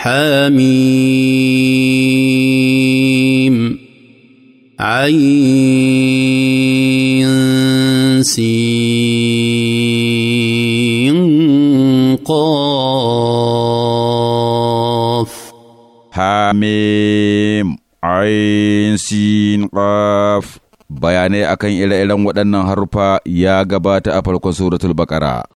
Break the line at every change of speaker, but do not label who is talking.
حميم عين سين
قاف
حميم عين سين قاف bayanai akan ire-iren waɗannan haruffa ya gabata a farkon suratul
baƙara